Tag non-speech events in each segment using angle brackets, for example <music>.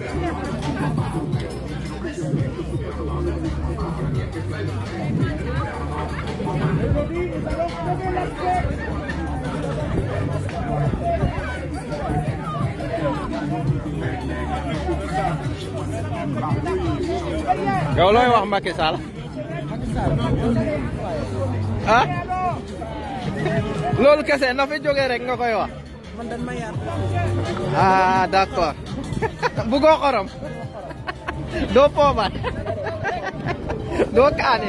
Kau lo yang wah salah. Hah? Lo lu kasih nafi juga rengko kau ya? Mandan mayat. Ah, d'accord. Bugo korom. Dopo man. Dokani.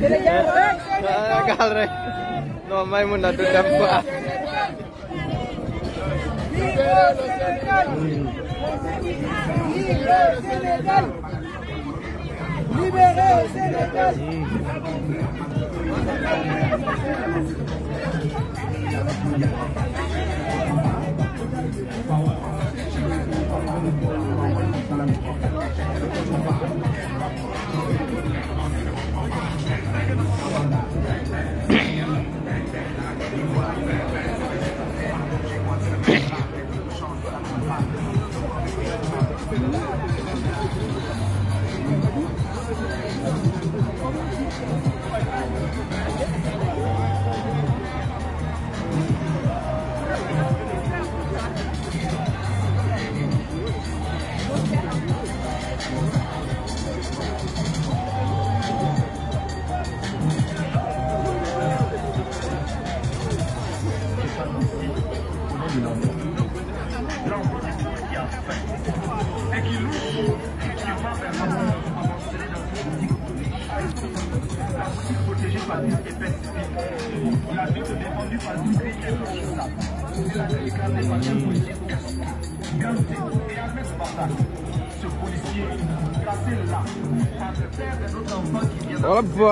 Gal galre, No may mo na dudam ko. Libérez Sénégal! 嗯。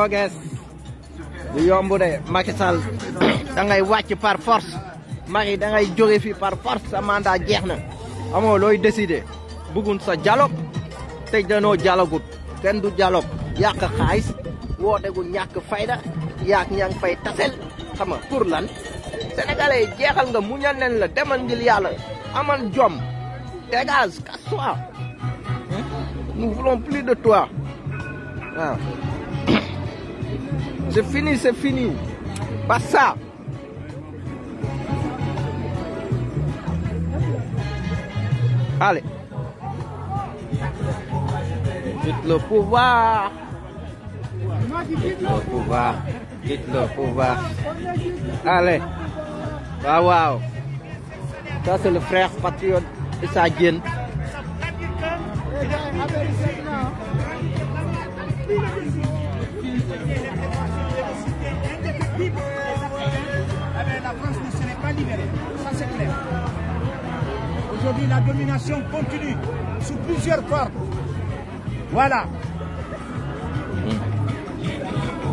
guys du yombu de Macky Sall da ngay wacc par force Macky da ngay jóge fi par force sa mandat jeexna Amo loy décider bëggun sa dialogue da no dialogue ken du dialogue Yak xaalis wote gu ñak fayda yak ñang fay tassel xama pour lan sénégalais jeexal nga muñal leen la demal ngir yalla amal jom dégage casse nous voulons plus de toi ah C'est fini, c'est fini. Pas ça. Allez. dites le pouvoir. dites le pouvoir. dites le pouvoir. Allez. Waouh, waouh. Ça, c'est le frère patriote ça gêne. Ça, c'est clair. Aujourd'hui, la domination continue sous plusieurs formes. Voilà.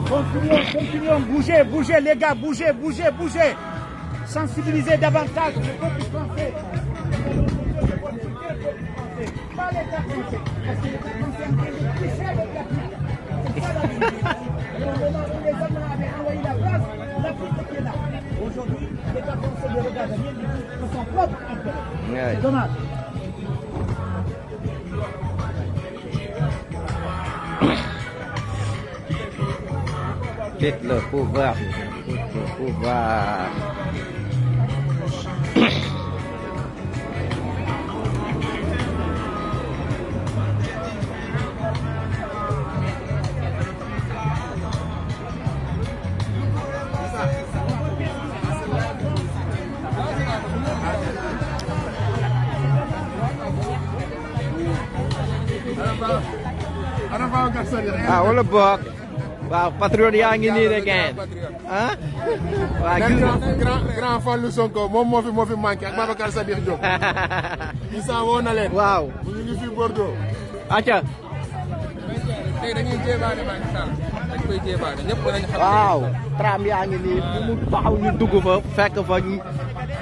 Continuons, continuons, bougez, bougez les gars, bougez, bougez, bougez. Sensibiliser davantage le peuple français. Pas peuple français, parce que l'État français est en C'est ça la vérité. on les hommes avaient envoyé la place, la est là. Aujourd'hui, É. Que loucura, que loucura. Ah, all kan? about. <laughs> Wow, yang ini again. Huh? Grand, grand fallu sonko, mom mo fi mo fi manki ak Babacar Sadikh Diop. Ñu sa wona len. Wow. Ñu ngi fi Bordeaux. Acha. Tay dañuy jébaane Macky Dañ koy jébaane, ñepp xam. Wow, tram yang ini ni bu mu taxaw ñu dugg fa fekk fa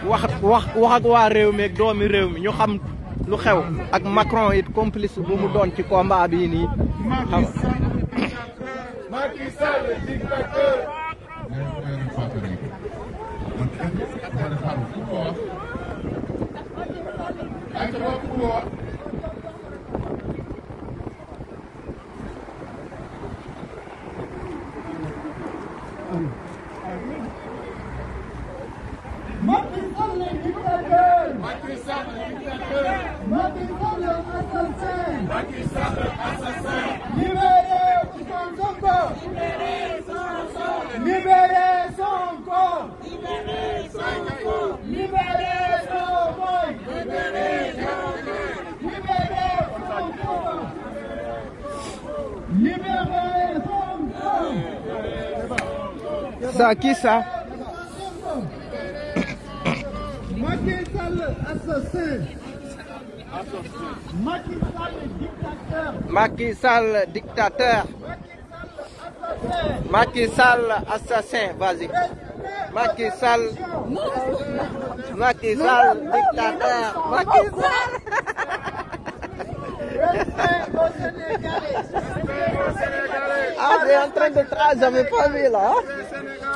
wax wax wax ak wa rew mi ak doomi rew mi ñu xam lu xew ak Macron it complice bu mu doon ci combat bii nii xam Macky Sall ça qui ça Macky Sall, assassin. Macky Sall, dictateur. Macky Sall, dictateur. Macky Sall, assassin. Vas-y. Macky Sall. Macky Sall, dictateur. Macky Sall. Ah, c'est en train de traiter j'avais pas vu là. Hein.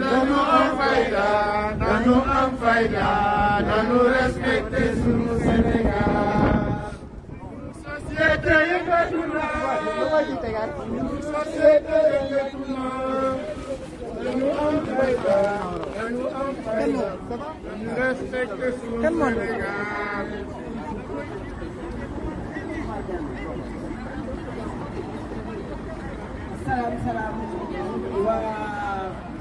nanu am fayda nanu am fayda nanu respecté sunu Sénégal. société yëngatu naa. société yëngatu naa. nanu am fayda nanu am fayda nanu respecté sunu Sénégal. salaam salaam.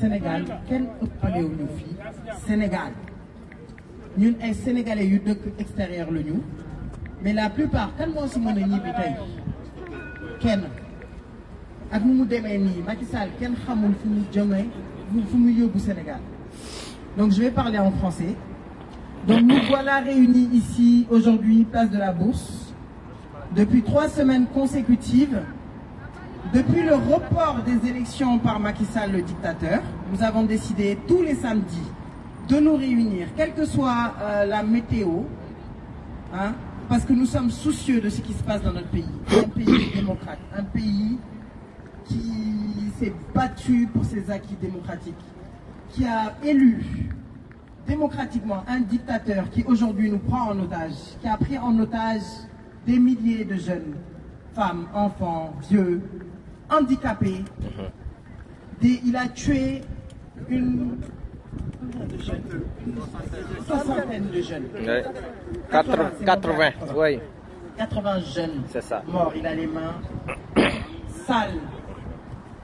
Sénégal kenn ëppalewu ñu Sénégal Nous, ay sénégalais yu dëkk extérieur mais la plupart comme moo si mën a ñibbi tey kenn ak nu mu Sénégal donc je vais parler en français donc nous voilà réunis ici aujourd'hui place de la Bourse depuis trois semaines consécutives depuis le report des élections par Macky Sall, le dictateur, nous avons décidé tous les samedis de nous réunir, quelle que soit euh, la météo, hein, parce que nous sommes soucieux de ce qui se passe dans notre pays. Un pays démocrate, un pays qui s'est battu pour ses acquis démocratiques, qui a élu démocratiquement un dictateur qui aujourd'hui nous prend en otage, qui a pris en otage des milliers de jeunes, femmes, enfants, vieux, handicapés. Uh-huh. il a tué une soixantaine de jeunes. 80, jeunes ça. morts. Il a les mains sales.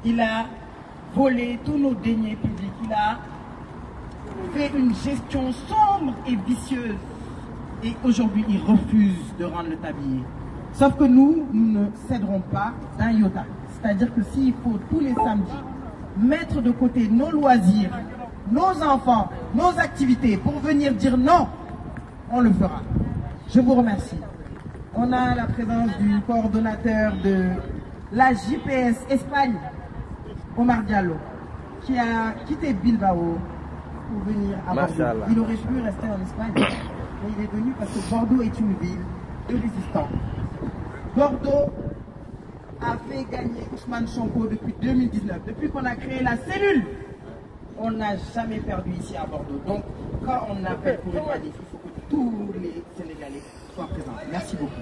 Il a volé tous nos deniers publics. Il a fait une gestion sombre et vicieuse. Et aujourd'hui, il refuse de rendre le tablier. Sauf que nous, nous ne céderons pas un iota. C'est-à-dire que s'il faut tous les samedis mettre de côté nos loisirs, nos enfants, nos activités pour venir dire non, on le fera. Je vous remercie. On a la présence du coordonnateur de la JPS Espagne, Omar Diallo, qui a quitté Bilbao pour venir à Bordeaux. Il aurait pu rester en Espagne, mais il est venu parce que Bordeaux est une ville de résistance. Bordeaux fait gagner Ousmane Sonko depuis 2019. Depuis qu'on a créé la cellule, on n'a jamais perdu ici à Bordeaux. Donc, quand on appelle pour une manif, il faut que tous les Sénégalais soient présents. Merci beaucoup.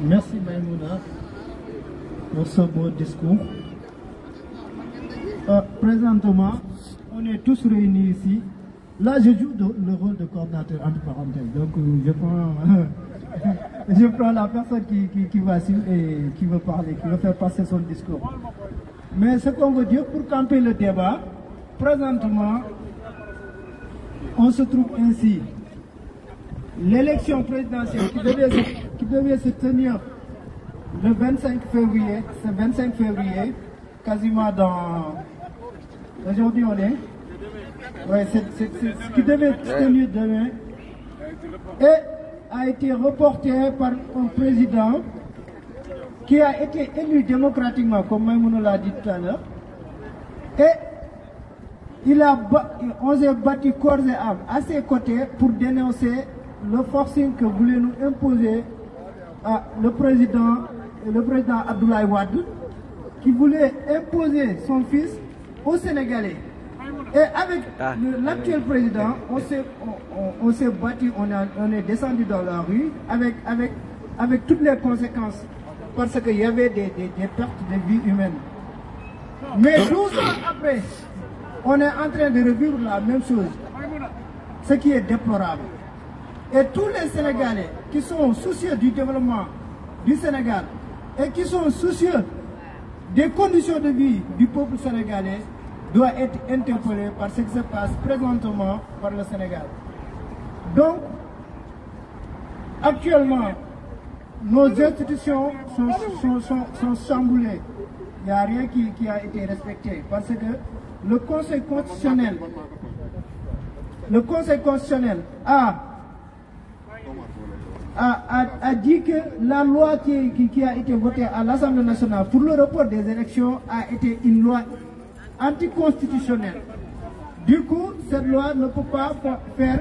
Merci Maïmouna pour ce beau discours. Euh, présentement, on est tous réunis ici. Là, je joue le rôle de coordinateur entre parenthèses. Donc, euh, je prends, <laughs> je prends la personne qui, qui, qui et qui veut parler, qui veut faire passer son discours. Mais ce qu'on veut dire pour camper le débat, présentement, on se trouve ainsi. L'élection présidentielle qui devait, se, qui devait, se tenir le 25 février, c'est 25 février, quasiment dans Aujourd'hui, on est. Ouais, c'est ce qui devait tenir demain et a été reporté par un président qui a été élu démocratiquement, comme Maïmounou l'a dit tout à l'heure. Et il a, on s'est battu corps et âme à ses côtés pour dénoncer le forcing que voulait nous imposer à le président, le président Abdoulaye Wade, qui voulait imposer son fils aux Sénégalais. Et avec ah. l'actuel président, on s'est on, on, battu, on, a, on est descendu dans la rue avec, avec, avec toutes les conséquences. Parce qu'il y avait des, des, pertes de vie humaine. Mais 12 ans après, on est en train de revivre la même chose. Ce qui est déplorable. Et tous les Sénégalais qui sont soucieux du développement du Sénégal et qui sont soucieux des conditions de vie du peuple sénégalais doit être interpellé par ce qui se passe présentement par le Sénégal. Donc, actuellement, nos institutions sont, sont, sont, chamboulées. Il n'y a rien qui, a été respecté parce que le Conseil constitutionnel, le Conseil constitutionnel a a, a, dit que la loi qui, qui, a été votée à l'Assemblée nationale pour le report des élections a été une loi anticonstitutionnelle. Du coup, cette loi ne peut pas faire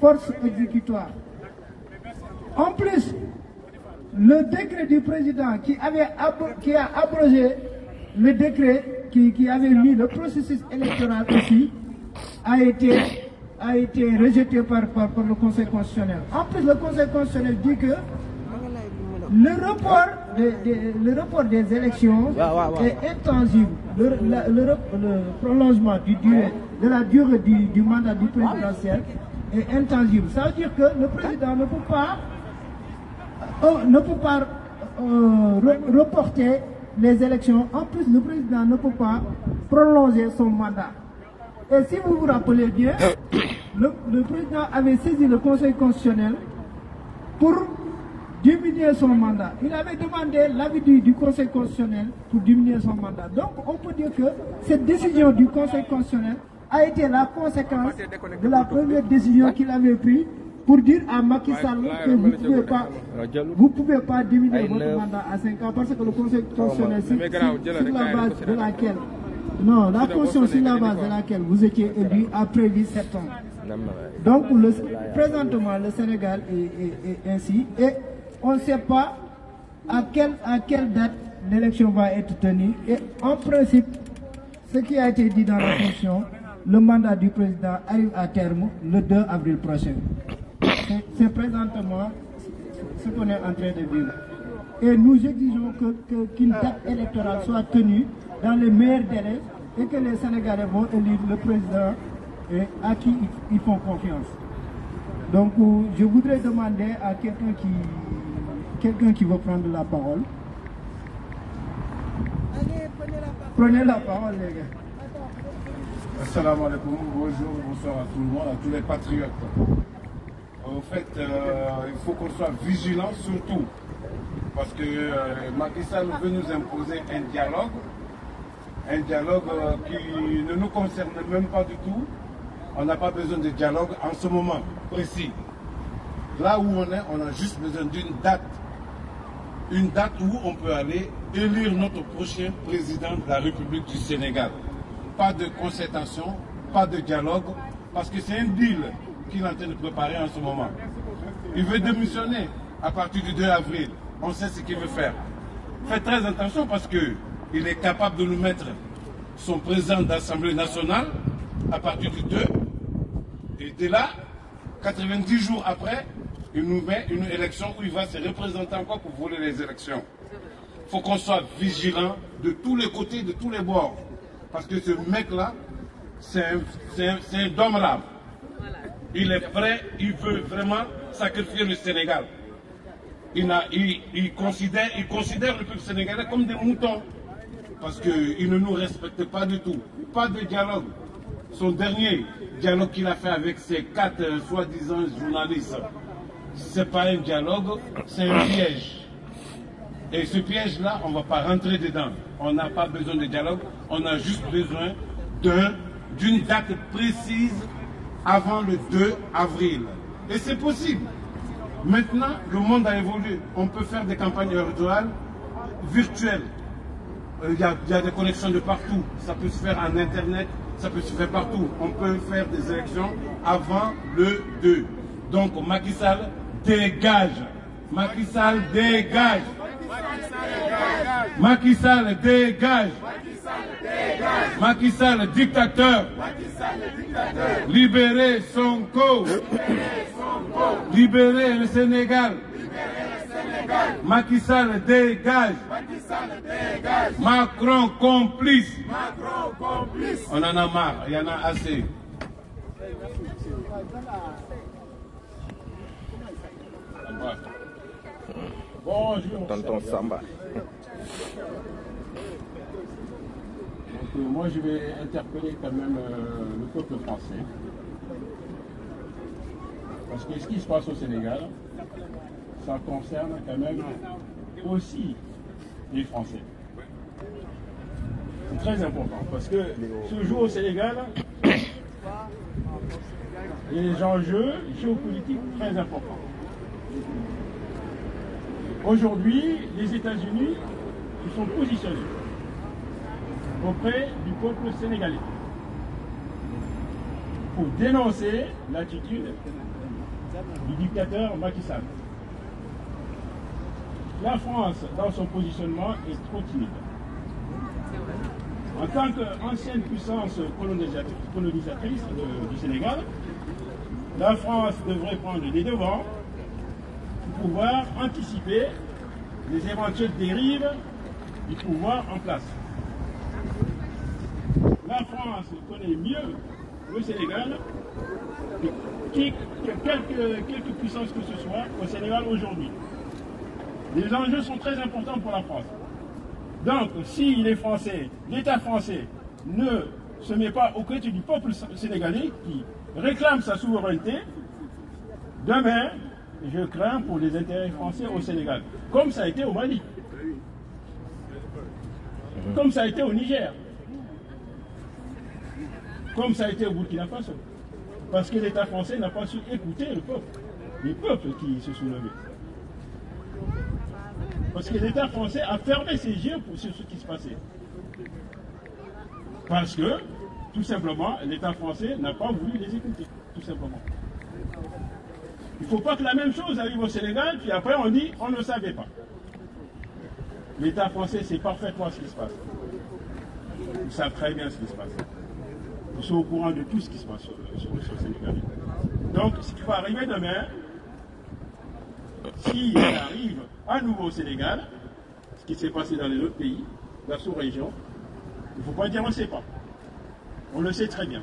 force exécutoire. En plus, le décret du président qui, avait qui a abrogé le décret qui, qui avait mis le processus électoral aussi a été a été rejeté par, par, le Conseil constitutionnel. En plus, le Conseil constitutionnel dit que le report, le report des élections est intangible. Le, prolongement de la durée du, mandat du présidentiel est intangible. Ça veut dire que le président ne peut pas, euh, euh, ne peut pas euh, reporter les élections. En plus, le président ne peut pas prolonger son mandat. Et si vous vous rappelez bien, euh. le, président avait saisi le Conseil constitutionnel pour diminuer son mandat. Il avait demandé l'avis du, Conseil constitutionnel pour diminuer son mandat. Donc on peut dire que cette décision du Conseil constitutionnel a été la conséquence de la première décision qu'il avait prise pour dire à Macky que vous ne pouvez, pas, diminuer votre mandat à 5 ans parce que le Conseil constitutionnel, sur la base de laquelle non, la fonction c'est la base de laquelle vous étiez élu après prévu ans. Donc, le, présentement, le Sénégal est, ainsi et on ne sait pas à quelle, quelle date l'élection va être tenue. Et en principe, ce qui a été dit dans la fonction, le mandat du président arrive à terme le 2 avril prochain. C'est présentement ce qu'on est en train de vivre. Et nous exigeons que qu'une date électorale soit tenue dans les meilleurs délais et que les Sénégalais vont élire le président et à qui ils font confiance. Donc euh, je voudrais demander à quelqu'un qui, quelqu'un qui veut prendre la parole. prenez la parole. Prenez la parole, les gars. Assalamu alaikum, bonjour, bonsoir à tout le monde, à tous les patriotes. En fait, euh, il faut qu'on soit vigilant surtout, parce que euh, Macky veut nous imposer un dialogue un dialogue euh, qui ne nous concerne même pas du tout. On n'a pas besoin de dialogue en ce moment précis. Là où on est, on a juste besoin d'une date. Une date où on peut aller élire notre prochain président de la République du Sénégal. Pas de concertation, pas de dialogue, parce que c'est un deal qu'il est en train de préparer en ce moment. Il veut démissionner à partir du 2 avril. On sait ce qu'il veut faire. Faites très attention parce que il est capable de nous mettre son président d'Assemblée nationale à partir de deux, Et de là, 90 jours après, il nous met une élection où il va se représenter encore pour voler les élections. Il faut qu'on soit vigilant de tous les côtés, de tous les bords. Parce que ce mec-là, c'est un, un, Il est prêt, il veut vraiment sacrifier le Sénégal. il considère le peuple sénégalais comme des moutons parce qu'il ne nous respecte pas du tout. Pas de dialogue. Son dernier dialogue qu'il a fait avec ses quatre euh, soi-disant journalistes, c'est pas un dialogue, c'est un piège. Et ce piège-là, on ne va pas rentrer dedans. On n'a pas besoin de dialogue, on a juste besoin d'une date précise avant le 2 avril. Et c'est possible. Maintenant, le monde a évolué. On peut faire des campagnes électorales virtuelles. Euh, il y, a, des connexions de partout. Ça peut se faire en Internet, ça peut se faire partout. On peut faire des élections avant le 2. Donc Macky Sall dégage. Macky Sall dégage. Macky Sall dégage. Macky Sall dictateur. Libérez son corps Libérez le Sénégal. Libérez Macky Sall dégage. Macron complice. On en a marre, il y en a assez. Bonjour. Tonton Samba. Donc, euh, moi, je vais interpeller quand même euh, le peuple français. Parce que ce qui se passe au Sénégal, ça concerne quand même aussi les Français. C'est très important parce que ce jour au Sénégal, il y a des enjeux géopolitiques très importants. Aujourd'hui, les États-Unis se sont positionnés auprès du peuple sénégalais pour dénoncer l'attitude du dictateur Macky Sall. La France, dans son positionnement, est trop timide. En tant qu'ancienne puissance colonisatrice du Sénégal, la France devrait prendre les devants pour pouvoir anticiper les éventuelles dérives du pouvoir en place. La France connaît mieux le Sénégal que quelques quelque puissance que ce soit au Sénégal aujourd'hui. Les enjeux sont très importants pour la France. Donc, si les Français, l'État français, ne se met pas au côtés du peuple sénégalais qui réclame sa souveraineté, demain, je crains pour les intérêts français au Sénégal, comme ça a été au Mali, comme ça a été au Niger, comme ça a été au Burkina Faso, parce que l'État français n'a pas su écouter le peuple, les peuples qui se soulevaient. Parce que l'État français a fermé ses yeux pour ce qui se passait. Parce que, tout simplement, l'État français n'a pas voulu les écouter, tout simplement. Il ne faut pas que la même chose arrive au Sénégal, puis après on dit on ne savait pas. L'État français sait parfaitement ce qui se passe. Ils savent très bien ce qui se passe. Ils sont au courant de tout ce qui se passe sur, sur le Sénégal. Donc, ce qui va arriver demain, si elle arrive à nouveau au Sénégal, ce qui s'est passé dans les autres pays, la sous-région, il ne faut pas dire on ne sait pas. On le sait très bien.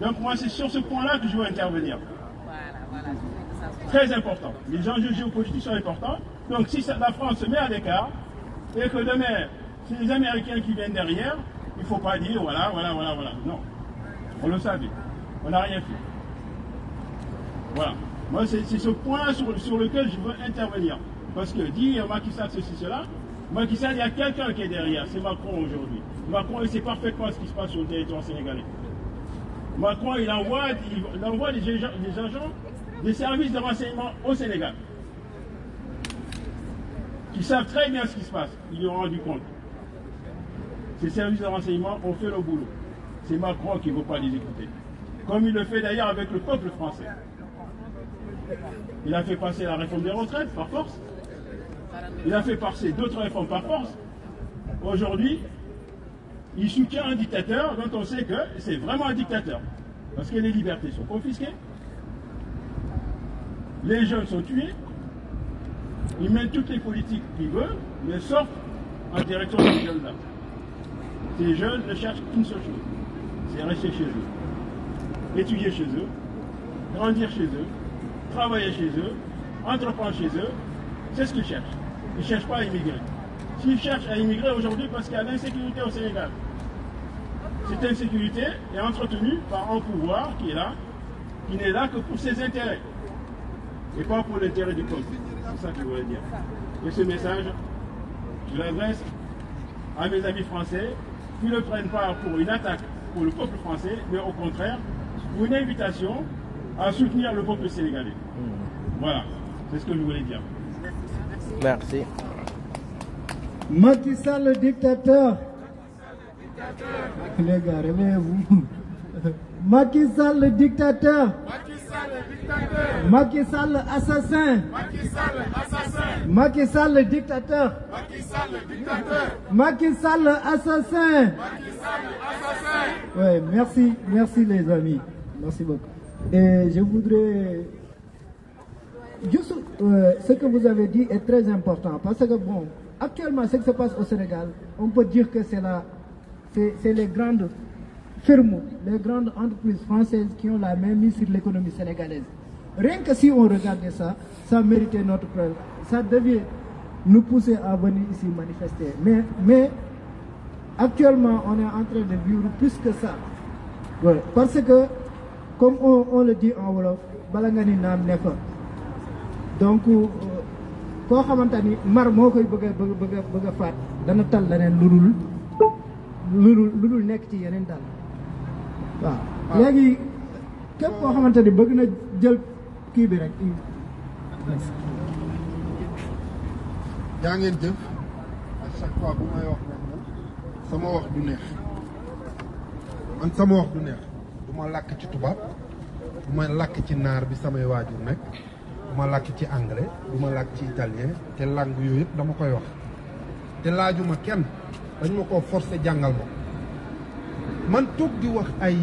Donc moi, c'est sur ce point-là que je veux intervenir. Voilà, voilà. Très important. Les enjeux géopolitiques sont importants. Donc si la France se met à l'écart, et que demain, c'est les Américains qui viennent derrière, il ne faut pas dire voilà, voilà, voilà, voilà. Non. On le savait. On n'a rien fait. Voilà. Moi, c'est ce point sur, lequel je veux intervenir. Parce que dire Macky Sall ceci, cela, Macky Sall, il y a quelqu'un qui est derrière, c'est Macron aujourd'hui. Macron, il sait parfaitement ce qui se passe sur le territoire sénégalais. Macron, il envoie, envoie des, agents, des agents des services de renseignement au Sénégal. Qui savent très bien ce qui se passe, ils lui ont rendu compte. Ces services de renseignement ont fait le boulot. C'est Macron qui ne veut pas les écouter. Comme il le fait d'ailleurs avec le peuple français. Il a fait passer la réforme des retraites par force. Il a fait passer d'autres réformes par force. Aujourd'hui, il soutient un dictateur dont on sait que c'est vraiment un dictateur. Parce que les libertés sont confisquées, les jeunes sont tués, il mène toutes les politiques qu'il veut, mais sauf en direction des jeunes là. Ces jeunes ne cherchent qu'une seule chose, c'est rester chez eux, étudier chez eux, grandir chez eux, travailler chez eux, entreprendre chez eux, c'est ce qu'ils cherchent. Ils ne cherchent pas à immigrer. S'ils cherchent à immigrer aujourd'hui parce qu'il y a l'insécurité au Sénégal, cette insécurité est entretenue par un pouvoir qui est là, qui n'est là que pour ses intérêts et pas pour l'intérêt du peuple. C'est ça que je voulais dire. Et ce message, je l'adresse à mes amis français qui ne prennent pas pour une attaque pour le peuple français, mais au contraire, pour une invitation à soutenir le peuple sénégalais. Hmm. Voilà, c'est ce que je voulais dire. Merci. Macky le dictateur. Les gars, réveillez-vous. Macky Sall le dictateur. Macky Sall dictateur Macky Sall le dictateur. Macky Sall assassin. Ouais, merci, merci les amis. Merci beaucoup. Et je voudrais... Euh, ce que vous avez dit est très important parce que, bon, actuellement, ce qui se passe au Sénégal, on peut dire que c'est la... C'est les grandes firmes, les grandes entreprises françaises qui ont la main mise sur l'économie sénégalaise. Rien que si on regardait ça, ça méritait notre preuve. Ça devait nous pousser à venir ici manifester. Mais, mais actuellement, on est en train de vivre plus que ça. Parce que comme on, on, le dit en wolof bala nga ni naam ne fa donc euh, ko xamantani mar mo koy bëgg a bëgg bëgg a bëgg faat dana tal lenen lulul lulul lulul nek ci yenen dal wa léegi kep ko xamantani ni bëgg na jël ki bi rek ya ngeen def a chaque fois bu may wax sama wax du neex man sama wax du neex ma lak ci tubaab du ma làkk ci nar bi samay wajur nek du ma làkk ci anglais du ma làkk ci italien te langue yooyu yep dama koy wax te lajuma ken dañ mako forcer jangal jàngal man tok di wax ay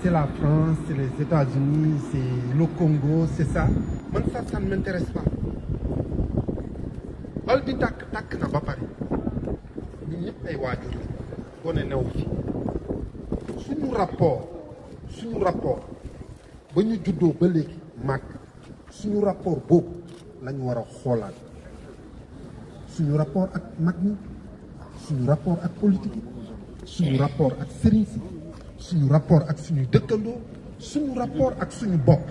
c'est la France c'est les États-Unis c'est le Congo c'est ça man ça ça ne m'intéresse pas bal di tak tak na ba pare ñepp ay wajur la gone fi suñu rapport suñu rapport ba ñu juddoo ba léegi màgg suñu rapport boobu lañ war a xoolaat suñu rapport ak mag ñi suñu rapport ak politique yi suñu rapport ak sëriñ si suñu rapport ak suñu dëkkandoo suñu rapport ak suñu bopp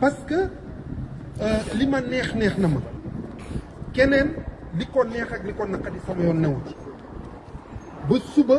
parce que euh, li ma neex neex na ma keneen li ko neex ak li ko naqadi sama yoon newu ci ba suba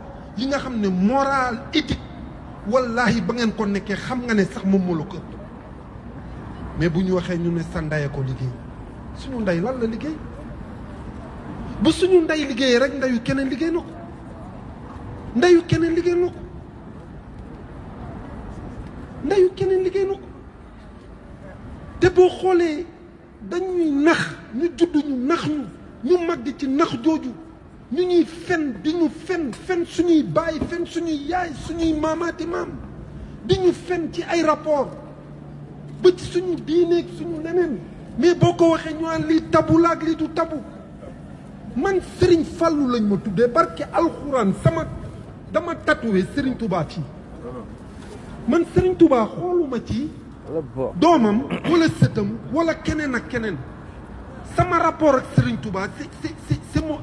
yi nga xam ne moral éthique wallaahi ba ngeen ko nekkee xam nga ne sax moom ko ëpp mais bu ñu waxee ñu ne sa ndey ko liggéey suñu ndey lan la liggéey bu suñu ndey liggéeyee rek ndeyu keneen liggéey na ko ndeyu keneen liggéey na ko ndeyu keneen liggéey te boo xoolee dañuy nax ñu judd ñu nax ñu ñu mag ci nax jooju ñu ñuy fen di ñu fen fen suñuy baay fen suñuy yaay suñuy maamaati maam di ñu fen ci ay rapport bët suñu suñu diineeg suñu leneen mais boo ko waxee ñu naan lii tabu laag lii du tabu man Serigne Fallou lañ ma tuddee barke alxuraan sama dama tatoué Serigne Touba fii man sëriñ Touba xooluma ci doomam wala sëtam wala keneen ak keneen sama rapport ak Serigne Touba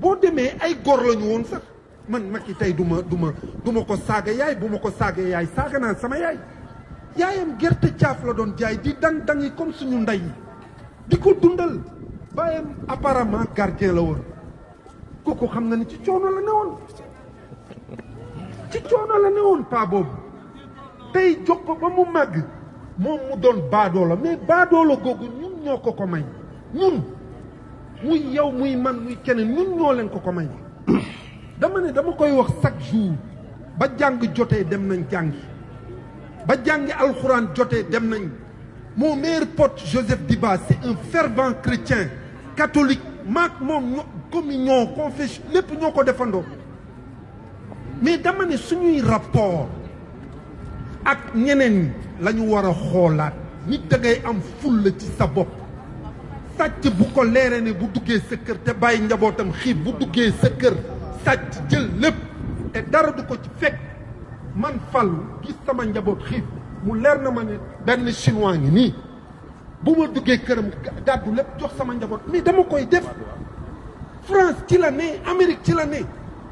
boo demee ay góor lañu woon sax man mag yi tey du ma du ma du ma ko saaga yaay bu ma ko saaga yaay saaga naa sama yaay yaayam gerte caaf la doon jaay di dang dang yi comme suñu ndey yi di ko dundal bàyyam apparemment gardien la woon kooku xam na ni ci coono la ne woon ci coono la ne woon paa boobu tey jox ko ba mu màgg moom mu doon baadoola mais baadoola googu ñun ñoo ko ko may ñun muy yow muy man muy oui, ñun ñoo leen ko ko may dama ne dama koy wax chaque jour ba jàng jotee dem nañ ba mon meilleur pote Joseph Diba c' un fervent chrétien catholique maak moom communion confession lépp ñoo ko mais dama ne suñuy rapport ak ñeneen la ñu a nit sàcc bu ko leeree ne bu duggee sa kër te bàyyi njabootam xiif bu duggee sa kër sàcc jël lépp te dara du ko ci fekk man Fallou gis sama njaboot xiif mu leer na ma ne benn chinois ngi nii bu ma duggee këram gàddu lépp jox sama njaboot mais dama koy def France ci la ne Amérique ci la ne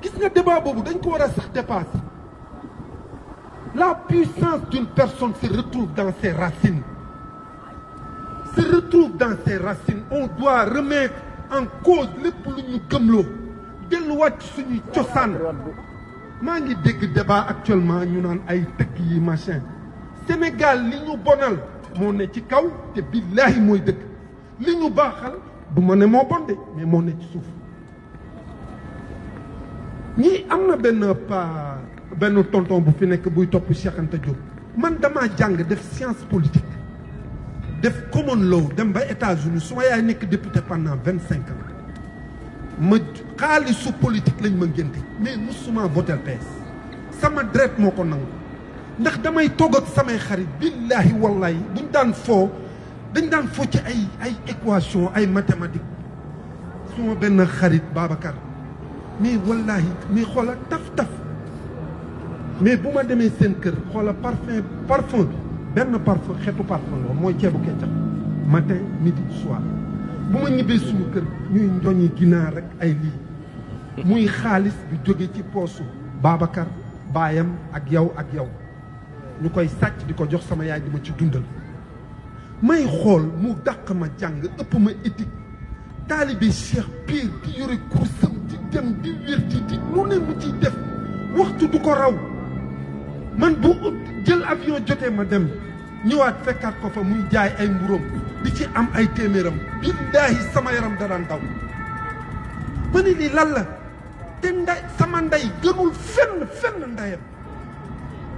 gis nga débat boobu dañ ko war a sax dépasser la puissance d'une personne se retrouve dans ses racines se retrouve dans ses racines on doit remettre en cause de lu de gëmloo delluwaat ci suñuy cosaan maa ngi débat actuellement ñu naan ay dëkk yi machin Sénégal li ñu bonal mon ne ci kaw te billahi mooy dëkk li ñu baaxal du mais mon ne Ni suuf ñii am na pas pa finir tonton bu fi nekk chacun de Cheikh Anta Diop man dama de science politique def common law dem ba États-Unis si yaay député pendant 25 ans ma xaalisu politique lañ ma mais musuma votel PS sama dret moo ko nangu ndax damay toog ak samay xarit un wallahi buñ daan foo dañ daan foo ci ay ay équation ay mathématiques suma benn xarit Babacar mais wallahi mais voilà, taf taf mais bu ma demee seen kër parfum parfum benn parfum xeetu parfum la mooy ceebu keccam matin midi soir bu ma ñibbee suñu kër ñuy njoñi ginaar rek ay lii muy xaalis bi jóge ci poosu Babacar baayam ak yow ak yow ñu koy sàcc di ko jox sama yaay di ma ci dundal may xool mu dàq ma jàng ëpp ma éthique taalibe Cheikh Pire di yore kursam di dem di wérti di lu ne mu ciy def waxtu du ko raw man bu jël avion jotee ma dem ñëwaat fekkaat ko fa muy jaay ay di ci am ay téméram billahi sama yaram da daan daw ma ni lii lan la te nday sama nday gënul fenn fenn ndayam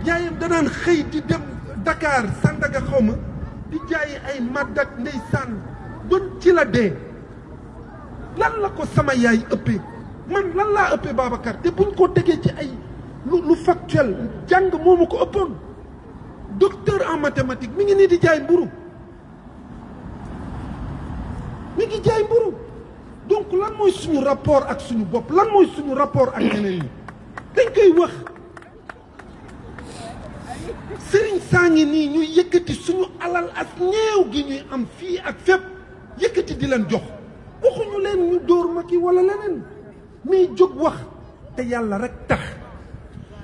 yaayam da daan xëy di dem Dakar Sandaga xawma di jaay ay madak ndey sànn doon ci la dee lan la ko sama yaay ëppee man lan laa ëppee Babacar te buñ ko tegee ci ay lu lu factuel jang momu ko ëppoon docteur en mathématique mi ngi ni di jaay mburu mi ngi jaay mburu donc lan moy suñu rapport ak suñu bop lan moy suñu rapport ak ñeneen ñi dañ koy wax sëriñ saa ni ñu yëkëti suñu alal ak ñeew gi ñuy am fii ak fépp yëkëti di leen jox waxuñu leen ñu door maki wala leneen mais jóg wax te yàlla rek tax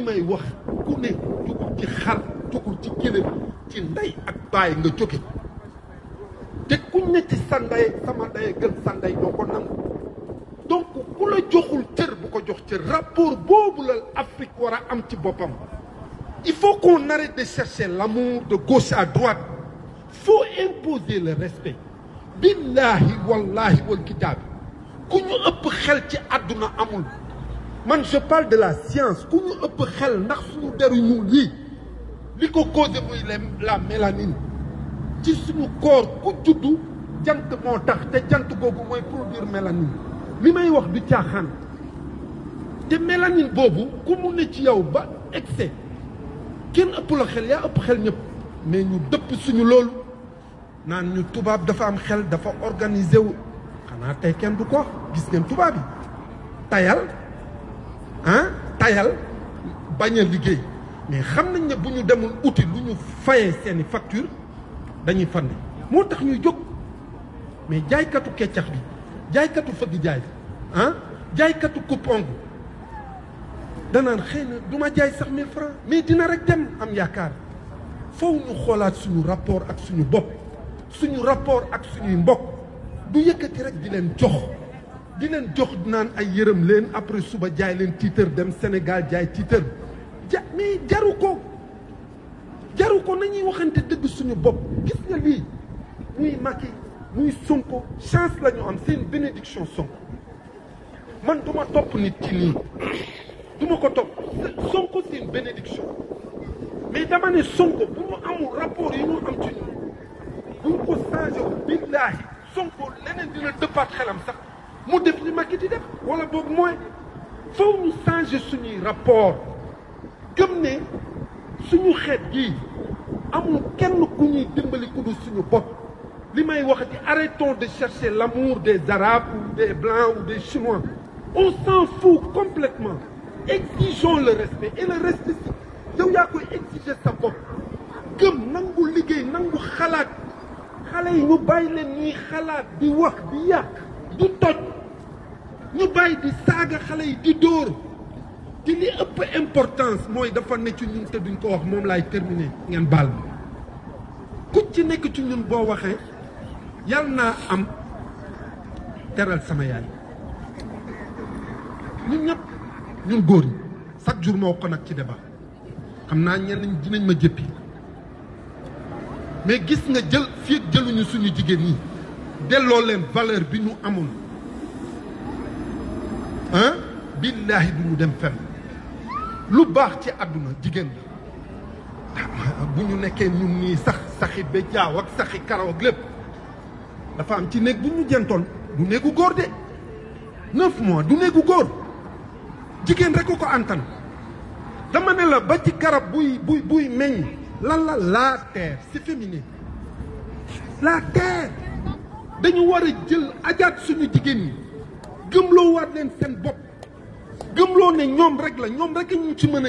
li wax ku ne jugul ci xar jugul ci gélém ci nday ak baay nga jóge te ku ne ci sa sama ndey gën sa ndey doo ko nangu donc ku la joxul cër bu ko jox ci rapport boobu la Afrique war a am ci boppam il faut qu'on arrête de chercher l'amour de gauche à droite faut imposer le respect billahi wallahi wal kitab ku ñu ëpp xel ci àdduna amul je parle de la science Comment on peut faire ndax suñu deru la mélanine corps le jant te jant produire mélanine Mais may wax du caaxaan te mélanine boobu ku mu ci yow ba excès kenn ëpp la xel yaa ëpp xel ñëpp mais ñu suñu nous hein tayal bañ a liggéey mais xam nañ ne bu ñu demul outil lu ñu fayee seeni facture dañuy fande mo tax ñuy jog mais jaay jaaykatu keccax bi jaay jaaykatu fëgg jaay hein jaay jaaykatu coupon da xëy na duma jaay sax 1000 francs mais dina rek dem am yaakaar faw ñu xolaat suñu rapport ak suñu bop suñu rapport ak suñu mbokk du yëkëti rek di leen jox di leen jox naan ay yërëm leen après suba jaay leen tiitër dem Sénégal jaay tiitër ja mais jaru ko jaru ko nañuy waxante dëgg suñu bopp gis nga lii muy Macky muy Sonko chance la am seen bénédiction Sonko man du ma topp nit ci nii du ma ko topp Sonko c'est une bénédiction mais dama ne Sonko bu mu amul rapport yi mu am ci ñun bu ko changé wu billaahi Sonko leneen dina dëppaat xelam sax mu def li Macky di def wala Faut mooy faw ñu changer rapport Comme ne suñu xeet gii kenn arrêtons de chercher l'amour des arabes ou des blancs ou des chinois on s'en fout complètement exigeons le respect et le respect yow yaa koy exiger sa bopp gëm nangu liggéey nangu ñu ñu bay di saga xalé yi di door di li ëpp importance moy dafa ne ci ñun te duñ ko wax mom lay terminer ngeen bal ku ci nekk ci ñun bo waxe yàlla am teral sama yaay ñu ñep ñu goor ñi chaque jour mo ko nak ci débat xamna ñen ñenn dinañ ma jëppi mais gis nga jël fii jëluñu suñu jigéen ñi delo len valeur bi ñu amoon billahi du ñu dem fenn lu baax ci aduna jigéen la ah, bu ñu nekkee ñun ni sax saxi be jaaw ak saxi karaw ak lepp dafa am ci bu ñu du gor de neuf mois du néegu gor jigéen rek ko antan dama ne la ba ci karab buy buy buy meñ la la la terre c'est féminin la terre dañu wara jël adiat suñu ni gëmlo wat len sen bop Nous ne rek la ñom rek ñu ci Nous a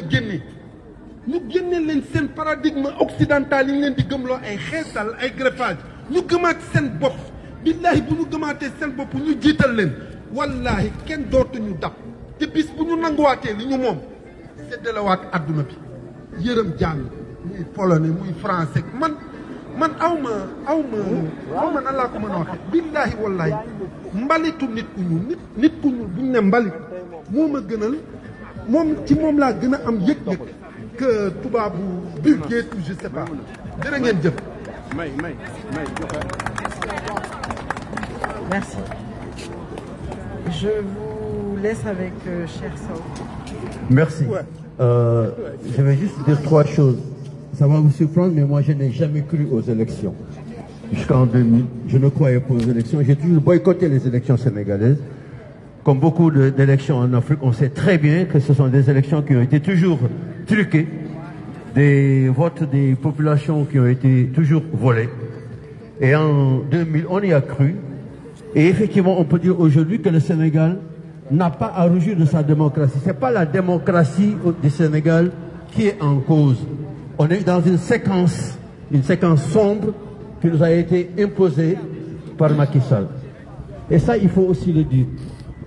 ñu leen seen paradigme occidental yi ñu leen di gëmlo ay xeesal ay greffage ñu gëmaat seen bopp billahi bu ñu gëmaatee seen bopp ñu jiital leen wallaahi kenn ñu dab te bis bu ñu nanguwaatee li ñu moom séddalewaat bi yërëm jàng polonais muy français man man awma ma aw ma aw ko mën a waxee billaahi wallaahi mbalitu nit ku ñuul nit nit ku ñu buñ ne mbalit moma gënal mom ci mom la gëna am yek yek que tubaabu burgee tout je sais pas dara ngeen jëf may may may merci je vous laisse avec euh, Cher Sow merci euh, je vais juste dire trois choses ça va vous surprendre, mais moi je n'ai jamais cru aux élections. Jusqu'en 2000, je ne croyais pas aux élections. J'ai toujours boycotté les élections sénégalaises. Comme beaucoup d'élections en Afrique, on sait très bien que ce sont des élections qui ont été toujours truquées, des votes des populations qui ont été toujours volés. Et en 2000, on y a cru. Et effectivement, on peut dire aujourd'hui que le Sénégal n'a pas à rougir de sa démocratie. Ce n'est pas la démocratie du Sénégal qui est en cause on est dans une séquence, une séquence sombre qui nous a été imposée par Macky Sall. Et ça, il faut aussi le dire.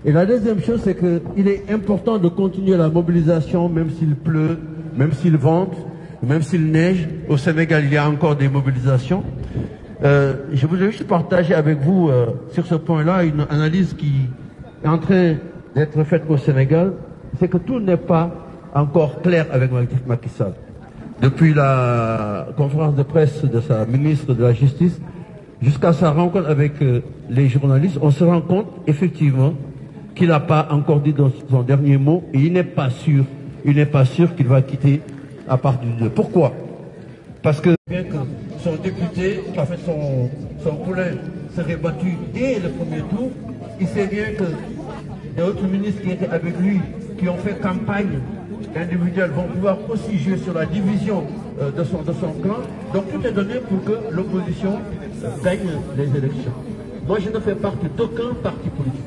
Et la deuxième chose, c'est qu'il est important de continuer la mobilisation, même s'il pleut, même s'il vente, même s'il neige. Au Sénégal, il y a encore des mobilisations. Euh, je voulais juste partager avec vous, euh, sur ce point-là, une analyse qui est en train d'être faite au Sénégal. C'est que tout n'est pas encore clair avec Macky Sall depuis la conférence de presse de sa ministre de la Justice jusqu'à sa rencontre avec euh, les journalistes, on se rend compte effectivement qu'il n'a pas encore dit son dernier mot et il n'est pas sûr, il n'est pas sûr qu'il va quitter à partir deux. Pourquoi Parce que bien que son député, en fait son, son collègue serait battu dès le premier tour, il sait bien que les autres ministres qui étaient avec lui, qui ont fait campagne individuels vont pouvoir aussi jouer sur la division euh, de, son, de son clan. Donc tout est donné pour que l'opposition euh, gagne les élections. Moi, je ne fais partie d'aucun parti politique.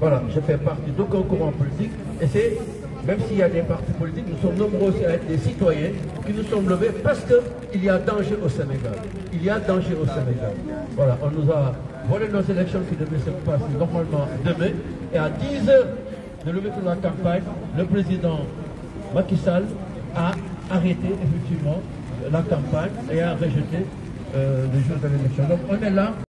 Voilà, je fais partie d'aucun courant politique. Et c'est, même s'il y a des partis politiques, nous sommes nombreux à être des citoyens qui nous sommes levés parce qu'il y a danger au Sénégal. Il y a danger au Sénégal. Voilà, on nous a volé nos élections qui devaient se passer normalement demain. Et à 10 h de lever de la campagne, le président Macky Sall a arrêté effectivement la campagne et a rejeté euh, le jour de l'élection. Donc on est là.